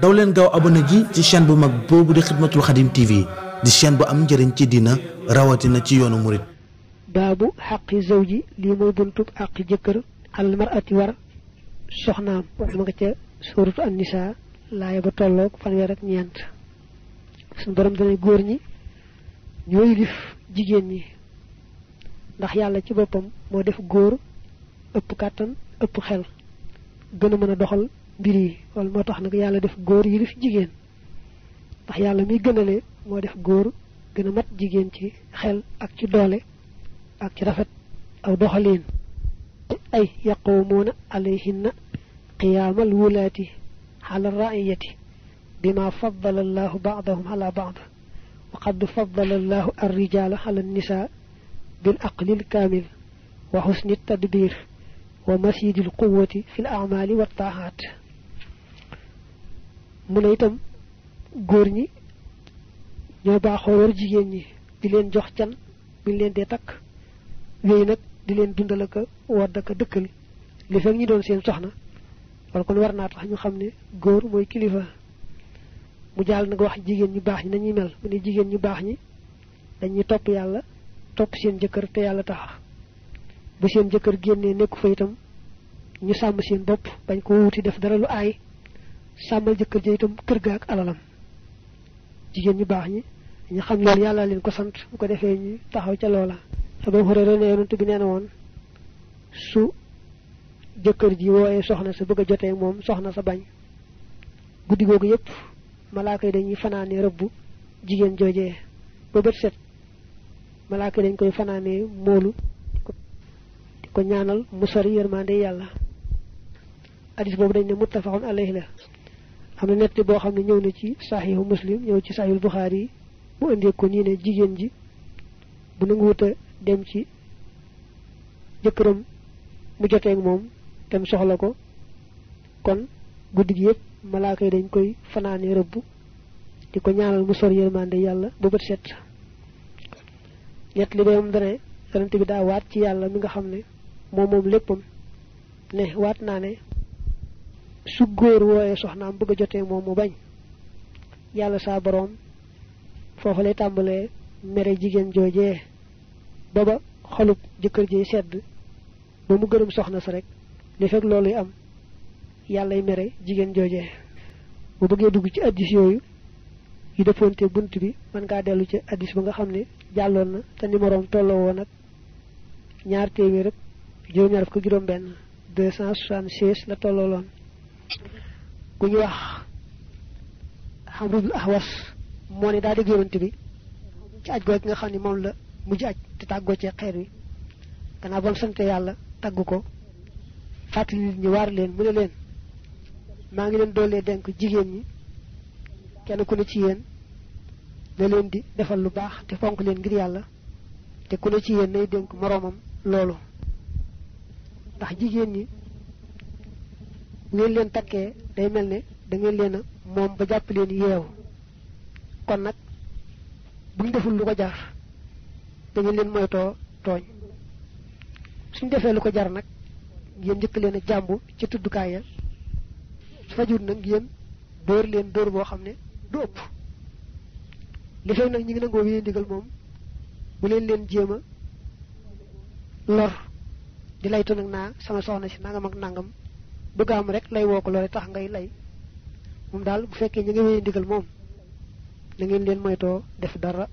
daw len gaw abonné ji ci chaîne bu mag bobu di khidmatul khadim tv di chaîne bu am njëriñ ci dina rawati na ci yoonu mourid babu haqqi zawji li mooy buntu haqqi jëkkër al marati war soxna wax ma nga ci suratu an nisa la laaya ba fan fanweer ak ñent sun borom dañ goor ñi ñoy lif jigen ñi ndax yalla ci bopam mo def goor ëpp katan ëpp xel gëna mëna doxal biri wal loolu moo tax nag yàlla def góor yi def jigen tax yàlla mi gënale mo def góor gëna mat jigen ci xel ak ci doole ak ci rafet aw doxalin ay yaqumuna alayhin qiyam alwulati ala raiyati bima faddala allah ba'dahum ala ba'd wa qad faddala allah baad وقد فضل الله الرجال على النساء بالعقل الكامل وحسن التدبير ومسيد القوة في الأعمال والطاعات mu ne itam góor ñi ñoo baaxoo war jigéen ñi di leen jox can bi leen dee takk yooyu nag di leen dundal ak wadd ak dëkkal li fekk ñi doon seen soxna wala kon war naa tax ñu xam ne góor mooy kilifa mu jaal nag wax jigéen ñu baax ñi nañuy mel mu ne jigéen ñu baax ñi dañuy topp yàlla topp seen jëkkër te yàlla tax bu seen jëkkër génnee nekk fa itam ñu sàmm seen bopp bañ ko wuti def dara lu aay sambal jëkkër ja itam kër ga ak alalam jigéen ñu baax ñi ñu xam loolu yàlla leen ko sant bu ko defee ñu taxaw ca loola abu hurayra ne yonent bi woon su jëkkër ji wooyee soxna sa bëgg a jotee moom soxna sa bañ guddi googu yépp malaaka yi dañuy fanaane rëbb jigéen joojee ba bët set malaaka yi dañ koy fanaane moolu di ko ñaanal mu sori yërmande yàlla boobu dañ ne alayhi la am na netti boo xam ne ñëw na ci saxihu muslim ñëw ci saxihu buxaari mu indee ko nii ne jigéen ji bu nangu wuta dem ci jëkkëram mu joteeg moom dem soxla ko kon guddi gi yëpp malaaka yi dañ koy fanaane rëbb di ko ñaanal mu sor yërmande yàlla bu bët set ñett li bay moom dane yonent bi daa waat ci yàlla mi nga xam ne moom moom léppam ne waat naa ne su goor woyé soxnaam bëgg a jotee moom mu bañ yàlla saa borom foofu lay tàmbalee mere jigéen joojee baba xolub jëkkër ji sedd ba mu gërëm soxna sa rek li fekk loolu am yàllay mere jigéen joojee bu bëggee dugg ci addis yooyu yu defoonte bunt bi man ngaa dellu ci addis ba nga xam ne jàlloon na te numéroom tolloo woon ñaar téeméer ak juróom-ñaar fukk juróom benn deux cent soixante-seize la ku ñu wax xamrul ahwas moo ne daa dégg yonent bi ci aj googu nga xam ni moom la mujj aj te tàggoo ci xeer wi gannaaw ba mu sante yàlla tagg ko fàttali nit ñi waar leen mu ne leen maa ngi leen doolee dénk jigéen ñi kenn ku ne ci yéen na leen di defal lu baax te fonk leen ngir yàlla te ku ne ci yéen nay dénk moroomam loolu ndax jigéen ñi ngeen leen takkee day mel ne da ngeen leen moom ba jàpp leen yeew kon nag buñ deful lu ko jar da ngeen leen moytoo tooñ suñ defee lu ko jar nag ngeen njëkk leen a jàmbu ci tuddukaay ya fajut nag ngeen dóor leen dóor boo xam ne du ëpp li fay nag ñi ngi nangoo wéyee ndigal moom bu leen leen jéem a lor di laytu nag naa sama soxna si nangam ak nangam bëgg am rek lay woo ko loole tax ngay lay moom daal bu fekkee ñu ngi wéy ndigal moom na ngeen leen moytoo def dara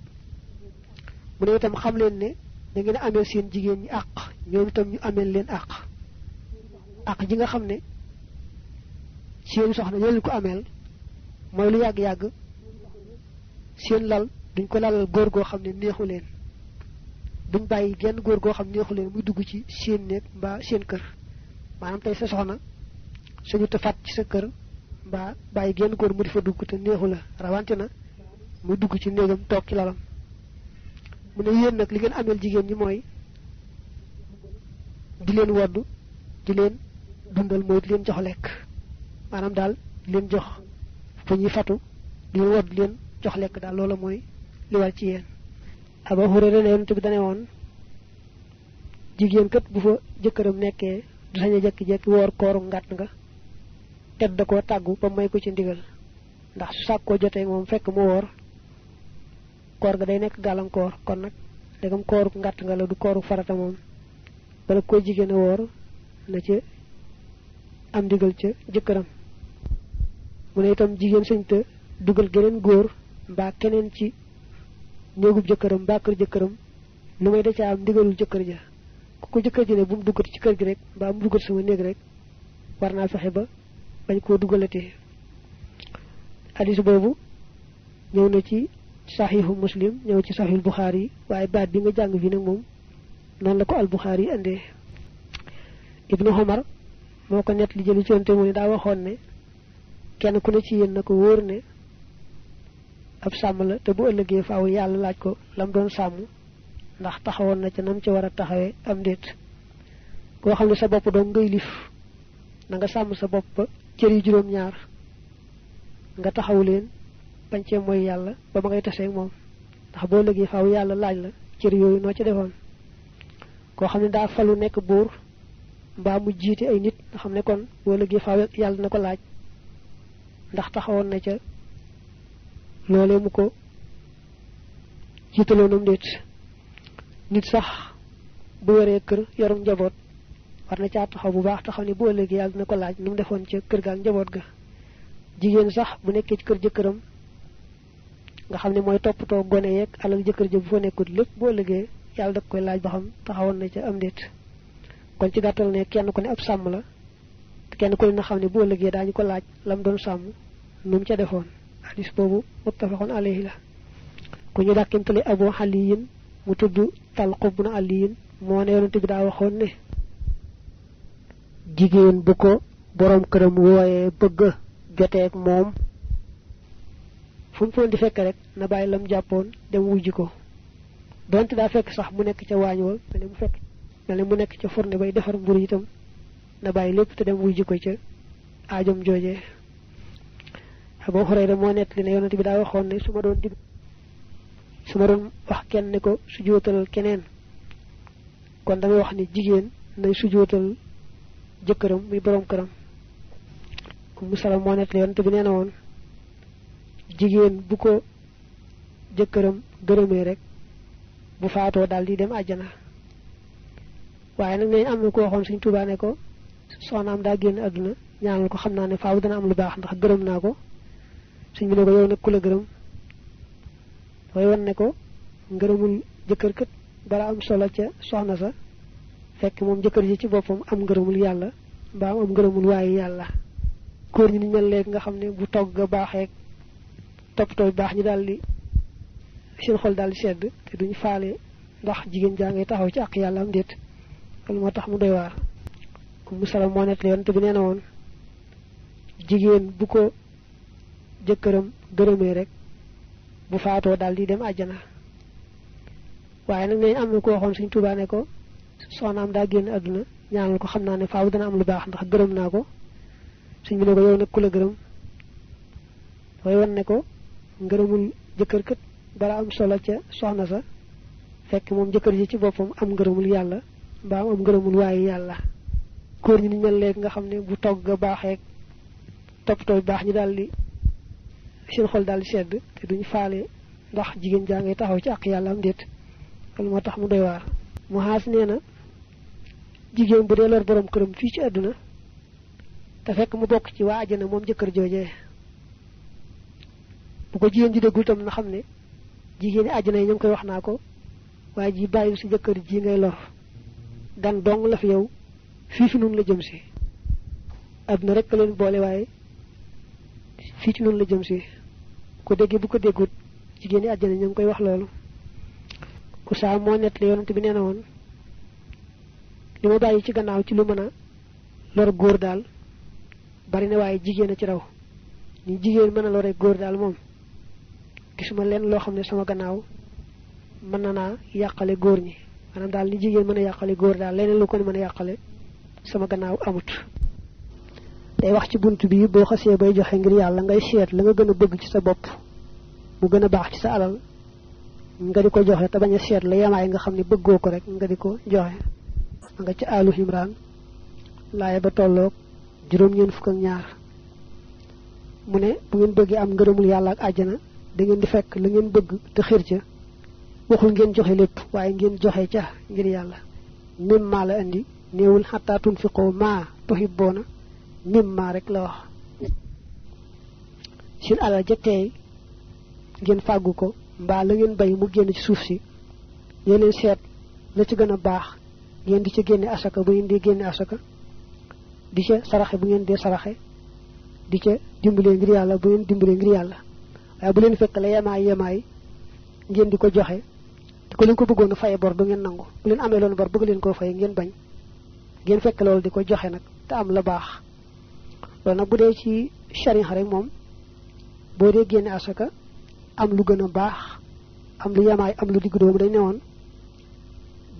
mu ne itam xam leen ne da ngeen amee seen jigéen ñi àq ñoom itam ñu amee leen àq àq ji nga xam ne seen soxna ñoo ko ameel mooy lu yàgg-yàgg seen lal duñ ko lalal góor goo xam ne neexu leen duñ bàyyi genn góor goo xam neexu leen muy dugg ci seen néeg mbaa seen kër maanaam tey sa soxna suñu ta fat ci sa kër ba bàyyi genn góor mu di fa dugg te neexu la rawante na mu dugg ci ci lalam mu ne yéen li amel jigen ñi mooy di leen woddu di leen dundal mooy di leen jox lekk maanaam daal di leen jox fu ñuy fatu di wad woddu di leen jox lekk daal loola mooy li war ci aba hurere ne yonent bi dane woon jigéen kat bu fa jëkkëram nekkee du sañ a jekki-jekki ngat nga tedd ko taggu ba may ko ci ndigal ndax su sàkkoo jotee moom fekk mu woor koor ga day nekk gàllankoor kon nag dagam kooru ngàtt nga la du kooru farata moom bala koo jigéen a woor na ca am ndigal ca jëkkëram mu ne itam jigéen sañ te dugal geneen góor mbaa keneen ci néegub jëkkëram mbaa kër jëkkëram nu may da ca am ndigalul jëkkër ja ku ko jëkkër ji ne bu mu duggat ci kër gi rek mbaa mu duggat sama néeg rek war naa fexe ba bañ ko dugalati hadith bobu ñew na ci sahihu muslim ñew ci sahih bukhari waye baat bi nga jang fi nak mom non la ko al bukhari ande ibnu umar moko net li jël ci mo ni da waxon ne kenn ku ne ci yeen nako woor ne ab sam la te bu ëllëgé faaw yalla laaj ko lam doon sam ndax taxawon na ci nam ci wara taxawé am deet ko xamni sa bop do ngay lif na nga sam sa bop cër yi juróom ñaar nga taxaw leen bañ cee mooy yàlla ba ma ngay tasee moom ndax boo léegi faaw yàlla laaj la cër yooyu noo ci defoon koo xam ne daa falu nekk buur mbaa mu jiite ay nit nga xam ne kon boo léegi faaw yàlla na ko laaj ndax taxawoon na ca loolee mu ko jiitaloonam déet nit sax bu yoree kër yorum njaboot war na caa taxaw bu baax te xam ne bu ëllëgee yàlla dina ko laaj nu mu defoon ca kër gaal njaboot ga jigéen sax bu nekkee ci kër jëkkëram nga xam ne mooy toppatoo gone yeeg alal jëkkër ja bu fa nekkut lépp bu ëllëgee yàlla da koy laaj ba xam taxawoon na ca am déet kon ci gàttal ne kenn ku ne ab sàmm la kenn ku ne na xam ne bu ëllëgee daañu ko laaj lam doon sàmm nu mu ca defoon hadis boobu muttafaqun alayhi la ku ñu dàkkintale abu xaliyin mu tudd talqub na aliyin moo ne yonente bi daa waxoon ne jigéen bu ko borom këram wooyee bëgg mom. moom fu mu foon di fekk rek na bàyyi lam jàppoon dem wujji ko donte daa fekk sax mu nekk ca waañ wa mel mu fekk mel mu nekk ca forne bay defar mburu itam na bàyyi lépp te dem wujji ko ca aajam joojee abu hurayra moo nekk li ne yonent bi daa waxoon ne su ma doon dig su ma doon wax kenn ne ko su keneen kon wax ni jigéen nay su jootal jëkkëram muy borom këram umu salaam moo nekk yonte bi nee na woon jigéen bu ko jëkkëram gërëmee rek bu faatoo daal di dem àjjana waaye nag nañ am na ko waxoon suñ tubaa ne ko soxnaam daa génn àdduna ñaanal ko xam naa ne faaw dana am lu baax ndax gërëm naa ko suñ bi ne ko yow nag ku la gërëm way wan ne ko ngërëmul jëkkër kat dara am solo ca soxna sa fekk moom jëkkër ji ci boppam am ngërëmul yàlla ba am ngërëmul waaye yàlla góor ñi ni ñal leeg nga xam ne bu togg ga baaxeeg toppatooy baax ñu daal di seen xol daal di sedd te duñ faale ndax jigéen jaa ngay taxaw ci ak yàlla am déet loolu moo tax mu doy waar mu salam moo nett yoon te bi nee na woon jigéen bu ko jëkkëram gërëmee rek bu faatoo daal di dem àjjana waaye nag nañ am na ko waxoon suñ ne ko soxnaam daa génn àdduna ñaanal ko xam naa ne faaw dana am lu baax ndax gërëm naa ko sëñ bi ne ko yow nag ku gërëm way wan ne ko ngërëmul jëkkër kat dara am solo ca soxna sa fekk moom jëkkër ji ci boppam am ngërëmul yàlla mbaa am ngërëmul waaye yàlla góor ñi ni mel léegi nga xam ne bu togg a baaxee toppatoo baax ñu daal di seen xol daal di sedd te duñu faale ndax jigéen jaa ngay taxaw ci àq yàlla am déet moo tax mu doy waar mu xaas nee na jigéen bu delor borom këram fii ci àdduna te fekk mu bokk ci waa na moom jëkkër joojee bu ko jigéen di déggul tam na xam ne jigéeni ajana yi koy wax naa ko waaye ji bàyyi si jëkkër ji ngay lor gan dong la fi yow fii fi nun la jëm si àdduna rek leen boole waaye fii ci nun la jëm si ko déggee bu ko déggut jigéeni ajana ñu koy wax loolu ku saa moo nett la yonent bi nee na woon li mu bàyyi ci gannaaw ci lu mën a lor góor daal bari na waaye jigéen a ci raw ni jigéen mën a lore góor daal moom gisuma lenn loo xam ne sama gannaaw mën na naa yàqale góor ñi maanaam daal ni jigéen mën a yàqale góor daal leneen lu ko mën a yàqale sama gannaaw amut day wax ci bunt bi boo xasee bay joxe ngir yàlla ngay seet la nga gën a bëgg ci sa bopp mu gën a baax ci sa alal nga di ko joxe te bañ a seet la yamaay nga xam ne bëggoo ko rek nga di ko joxe nga ci alu himran laye ba tolok juróom ñeen fuk ak ñaar mu ne bu ngeen bëggee am ngeerumul yalla ak aljana da ngeen di fekk la ngeen bëgg te xir ca waxul ngeen joxe lepp waye ngeen joxe ca ngir yalla mim ma la andi néewul xataa tunfiqoo maa tuhibboona mim ma rek la wax seen ala jete ngeen fagu ko mba la ngeen bay mu genn ci suuf ci yeneen seet la ci gëna ngeen di ci génne asaka bu ngeen di génne asaka di ca saraxe bu ngeen di saraxe di ca dimbalee ngir yàlla bu ngeen dimbalee ngir yàlla waaye bu leen fekk la yemaay yemaay ngeen di ko joxe di ko leen ko bëggoon faye bor du ngeen nangu bu leen amee loon bor bëgg leen koo faye ngeen bañ ngeen fekk loolu di ko joxe nag te am la baax loolu nag bu dee ci sharin rek moom boo dee génne asaka am lu gën a baax am lu yemaay am lu digg doomu dañ ne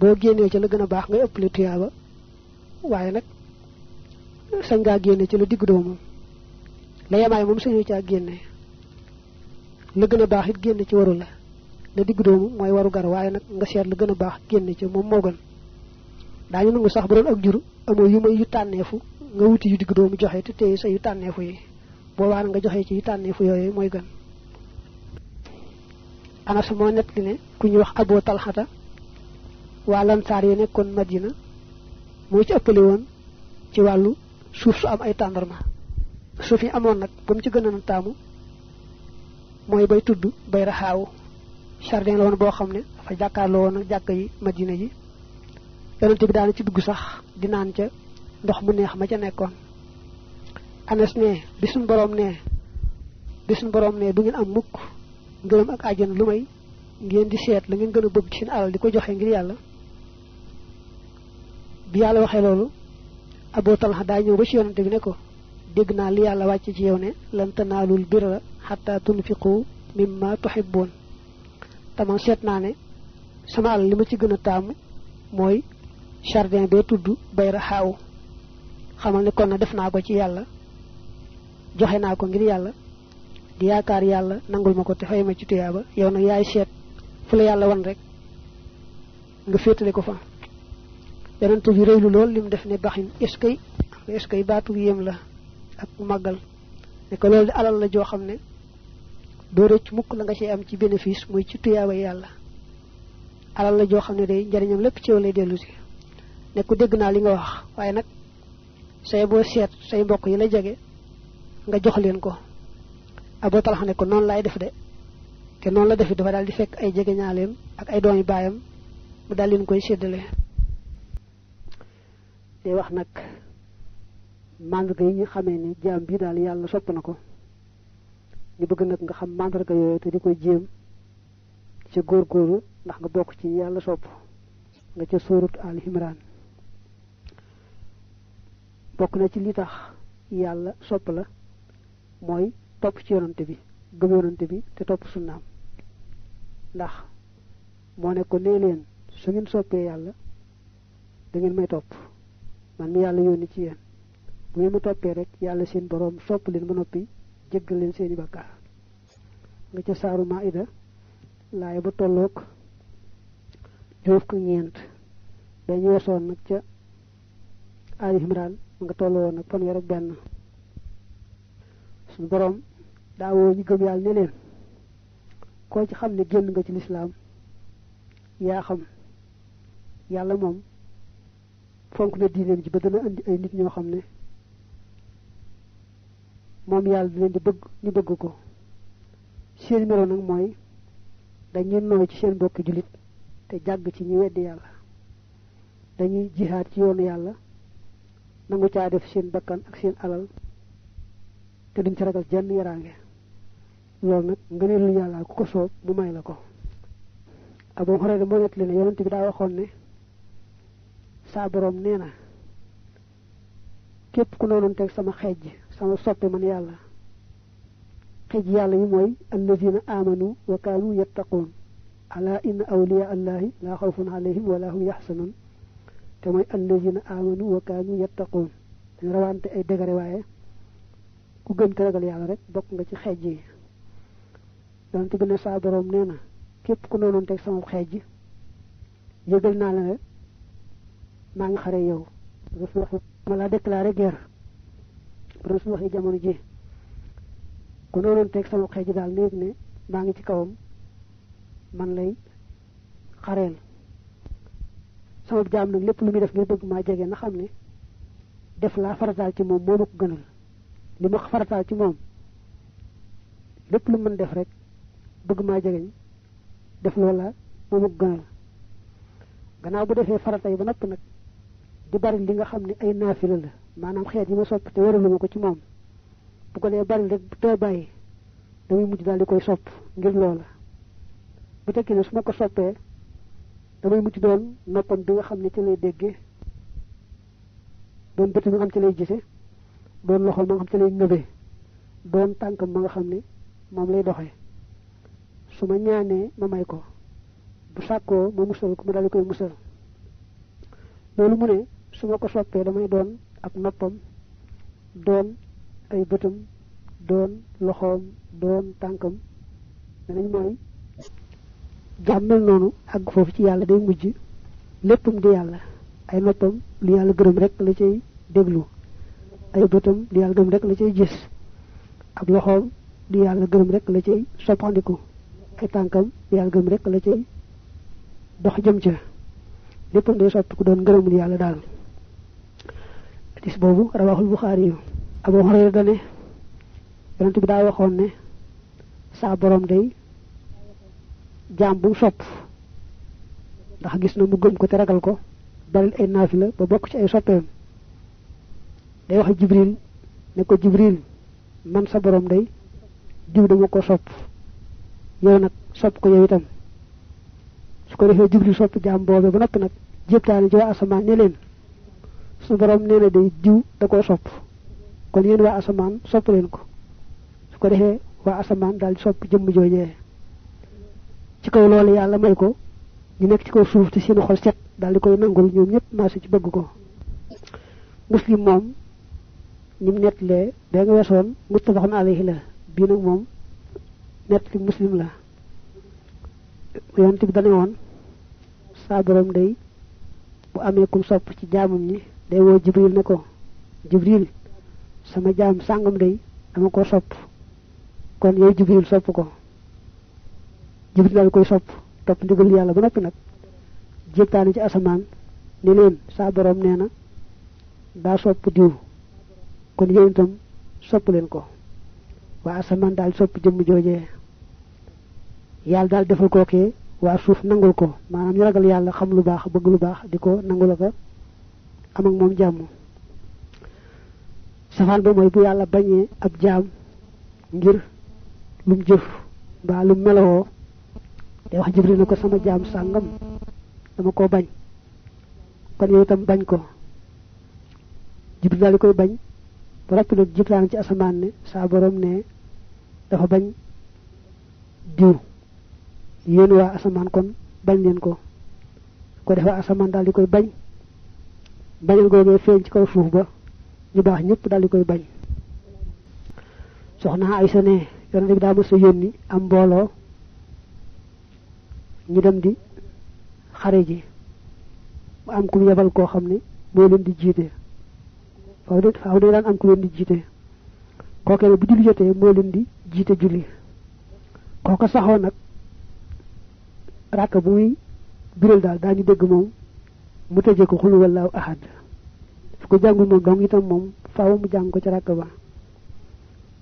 bo génnee ci la gëna a nga ëpp ëppale tiyaba waaye nag sañ ngaa génne ci la digg doomu la yemaay moom sañu caa génne la gëna a baax it génne ci waru la la digg doomu mooy waru gar waaye nag nga seet la gëna baax génne ci moom moo gën daañu nangu sax bu doon ak jur amoo yu may ya, yu tànneefu nga wuti yu digg doomu joxe te téye sa yu tànneefu ya, yi ya. waan nga joxe ci yu tànneefu yooyu mooy gën anas moo nett ne ku wax aboo talxata walan sar yi nekkoon madina moo ci ëppale woon ci wàllu suuf su am ay tàndarma suuf yi amoon nag bu mu ci gën a taamu mooy bay tudd bay raxaawu jardin la woon boo xam ne dafa jàkkaarloo woon ak jàkk yi madina yi yonente bi daana ci dugg sax di naan ca ndox mu neex ma ca nekkoon anas ne bisun borom ne bisun borom ne bu ngeen am mukk ngërëm ak lu ngeen di seet la ngeen gën bëgg ci seen alal di joxe ngir yàlla bi yàlla waxee loolu aboo talha daa ñëw ba ci yonante bi ne ko dégg naa li yàlla wàcc ci yow ne lan tanaalul birra xataa tunfiqu mimma tuxibboon taman seet naa ne sama àll li ma ci gën a taamu mooy jardin bee tudd bayra xaaw xamal ne kon na def naa ko ci yàlla joxe naa ko ngir yàlla di yaakaar yàlla nangul ma ko te fay ci tuyaaba yow nag yaay seet fu la yàlla wan rek nga féetale ko fa yonent bi reylu lol lim def ne baxin eskay eskay batu yem la ak magal ne ko lol alal la jo xamne do recc mukk la nga ci am ci bénéfice moy ci tuyaaba yalla alal la jo xamne day jarignam lepp ci lay delu ci ne ko dégg na li nga wax waye nak say bo set say mbokk yi la jage nga jox len ko abo tal xane ko non lay def de ke non la def dafa dal di fek ay jege ñaaleem ak ay doomi bayam mu dal len koy seddelé di wax nak màndarga yi ñu xamee ne jaam bi daal yàlla sopp na ko ñu bëgg nag nga xam màndarga yooyu te di ko jéem ci góorgóorlu ndax nga bokk ci yàlla sopp nga ca suurut al imran bok na ci li tax yàlla sopp la mooy topp ci yonante bi gëm yonante bi te top. sunnaam ndax moo ne ko nee su ngeen soppee yàlla da ngeen may topp man mi yàlla yoni ci yeen bu ngeen ma toppee rek yàlla seen borom sopp leen ba noppi jéggal leen seeni bakkaar nga ca saaru maida laay ba tolloog juróom ko ñeent dañu wesoon nag ca ali imran nga tolloo nag fanweer ak benn suñu borom daawoo ñu gëm yàlla ne leen koo ci xam ne génn nga ci lislaam yaa xam yàlla moom fonk na diine ji ba dana andi ay nit ñoo xam ne moom yàlla di di bëgg ñu bëgg ko seen melo nag mooy dañuy nooy ci seen bokki julit te jàgg ci ñu weddi yàlla dañuy jihaat ci yoonu yàlla nangu caa def seen bakkan ak seen alal te duñ ci ragal jenn yaraange loolu nag ngëneelu yàlla ku ko soob mu may la ko abou xoree mo net li ne yonent bi daa waxoon ne Sabarom borom neena na képp ku noonu teg sama xej sama soppe man yàlla xej yàlla yi mooy allazina amanu wa kanu yattaqun, ala in awliya allahi la xawfun alayhim wala hum yaxsanun te mooy allazina amanu wa kanu yattaqun. dañ rawante ay degare waaye ku gën te ragal yàlla rek bokk nga ci xej yi donte bi ne borom neena képp ku teg sama xej yëgal naa la maa ngi xare yow rus wax ma la déclaré guerre rus wax jamono ji ku noonoon teg sama xeej daal néeg ne maa ngi ci kawam man lay xareel sama jaam nag lépp lu muy def ngir bëgg maa jege na xam ne def laa farataal ci moom moo ma ko gënal li ma farataal ci moom lépp lu mën def rek bëgg maa jegeñ def loola moo ma ko gënal gannaaw bu defee farata yi ba nopp nag di bari li nga xam ne ay naafila la maanaam xeet yi ma sopp te wéraluma ko ci moom bu ko dee bari rek bu tee bàyyi damay mujj daal di koy sopp ngir loola bu tekki ne su ma ko soppee damay mujj doon noppam bi nga xam ne ci lay déggee doon bëtt mi nga xam ci lay gise doon loxol nga xam ci lay ngëbee doon tànkam ma nga xam lay ma may ko bu musal ko di koy musal mu ne su ma ko soppee damay doon ak noppam doon ay bëtam doon loxoom doon tànkam danañ mooy jàmmel noonu àgg foofu ci yàlla day mujj léppam di yàlla ay noppam lu yàlla gërëm rek la cay déglu ay bëtam lu yàlla gërëm rek la cay gis ak loxoom lu yàlla gërëm rek la cay soppandiku ay tànkam lu yàlla gërëm rek la cay dox jëm ca léppam day ku doon yàlla daal hadis bobu rawahul bukhari abu hurayra dane yonent bi da waxone ne sa borom day jambu bu sop ndax gis na mu gëm ko te ragal ko dalil ay nafila ba bok ci ay sopem day wax jibril ne ko jibril man sa borom day diw dama ko sop yow nak sop ko yow itam su ko defé jibril sop jam bobé ba nopi nak jeptane ci wa asama ne len su borom neena day jiw da ko sopp kon yeen wa asaman sopp len ko su ko defee wa asaman dal sopp jëm jojé ci kaw lolé yalla may ko ñu nek ci kaw suuf ci seen xol set dal di koy nangul ñoom ñëpp maase ci bëgg ko muslim moom ñim lé da nga wesoon muttafaxun alayhi la nak mom net ci muslim la yonte tib dañ won sa borom day bu amé kum sopp ci jaamum ñi day woo jibril na ko jibril sama jaam sàngam dey dama ko sopp kon yow jibril sopp ko jibril daal koy sopp topp ndigal yàlla bu nekk nag jéetaan ci asamaan ni leen saa borom nee na daa sopp diw kon yéen itam sopp leen ko waa asamaan daal sopp jëmm joojee yàlla daal defal kookee waa suuf nangul ko maanaam ñu ragal yàlla xam lu baax bëgg lu baax di ko nangul ak am ak moom jàmm safaan ba mooy bu yàlla bañee ab jaam ngir lum jëf mbaa lu melowoo day wax jibril ko sama jaam sàngam dama koo bañ kon yow itam bañ ko jibril daal di koy bañ ba ràpp nag jiblaan ci asamaan ne saa borom ne dafa bañ diw yéen waa asamaan kon bañ leen ko ko defa asamaan daal di koy bañ bañal googee feñ ci kaw suuf ba ñu baax ñepp dal dikoy bañ soxna aysa yoon yonent da daa mësa yoni am mbooloo ñu dem di xare ji mu am ku yebal ko xam bo leen di jité faaw de faaw de lan am ku leen di jité ko ne bu julli jotee mo leen di jité julli ko saxoo nag ràkk bu muy birel dal daa ñu dégg moom mu tëjee ko khul wallahu ahad fu ko jangul moom dong itam mom faaw mu jang ko ci rakka ba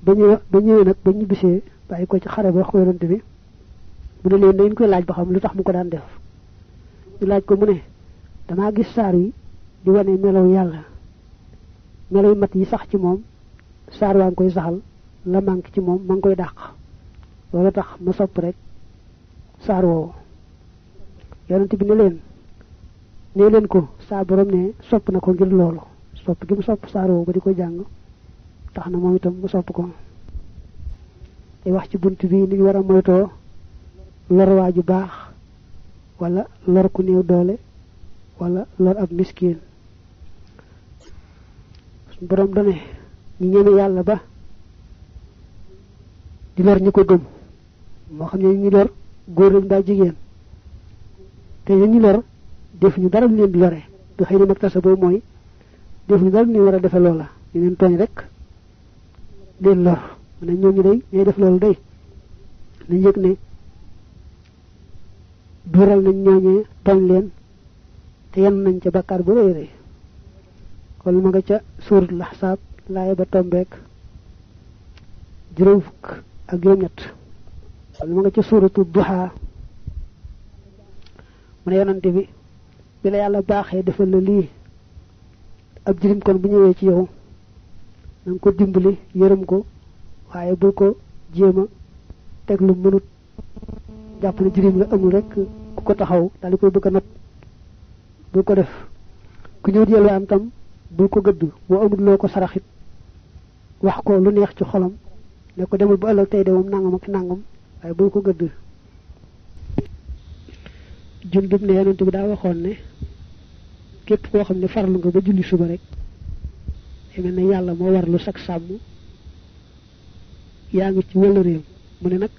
ba ñëwee ba ñëwee nag bay ko ci xare ba xoyonte bi bu ne leen dañ koy laaj ba xam lu tax mu ko daan def ñu laaj ko mu ne dama gis saar yi di wone melaw yalla melaw mat yi sax ci mom saar wa saxal la mank ci mom mang koy dakk tax ma sopp rek saar wo bi ne leen ne len ko sa borom ne sopp na ko ngir lolu sopp gi mu sopp saaroo ba di ko jàng tax na mom itam mu sopp ko e wax ci buntu bi ni wara lor waju bax wala lor ku new doole wala lor ab miskeen borom dane ñi ñeme yalla ba di lor ñiko gëm mo xam ñi lor goor lañ da jigen te ñi lor def ñu dara leen di yore du xeyna na nag tasa boobu def ñu dara ñu wara a defe loola ñu ñen tooñ rek leen lor mané ñoo ñoom ñu day ñay def loolu day ñu yek ne dural nañ ñooñee tooñ leen te yam nañ ci bakkar bu reere rëy kon ma nga ca surat lahsaab laaya ba tombek juróom ak juróom ñett kon ma nga ca suratu duha mu ne yonante bi Bila yalla baxé defal la li ab jirim kon bu ñëwé ci yow nang ko dimbali yërem ko waye bu ko jema tek lu mënut japp jirim la amul rek ku ko taxaw dal di bëgg a bu ko def ku ñëw di am tam bu ko gëdd bo amul loko ko saraxit wax ko lu neex ci xolam ne ko demul bu ëllëg tay de nangam ak nangam waye bu ko gëdd jundub ne yonent bi da waxoon ne kep ko xamne ne farlu nga ba julli suba rek ene ne yalla mo warlu sak yaa nga ci wala rew mune nak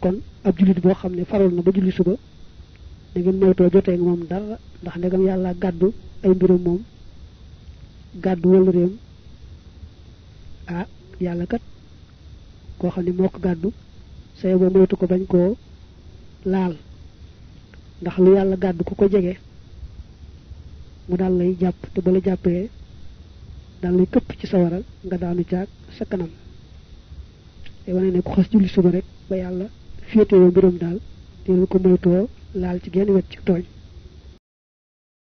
kon ab julit bo xamne ne farlu na ba julli suba da ngeen moyto jotey ak mom dara ndax ndegam yalla gaddu ay mbiram mom gaddu wala rew a ah, yalla kat ko xamne ne gaddu ko bo moytu ko bañ ko laal ndax lu yàlla gàdd ku ko jege mu daal lay jàpp te ba la jàppee daal lay këpp ci sawara nga daanu jaag sa kanam te wane ne ku xas julli suba rek ba yàlla féetewoo mbiram daal lu ko moytoo laal ci genn wet ci tooñ